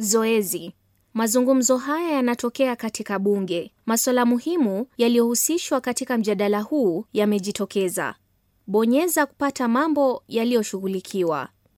Zoezi Mazungumzo haya yanatokea katika bunge. Masuala muhimu yaliyohusishwa katika mjadala huu yamejitokeza. Bonyeza kupata mambo yaliyoshughulikiwa.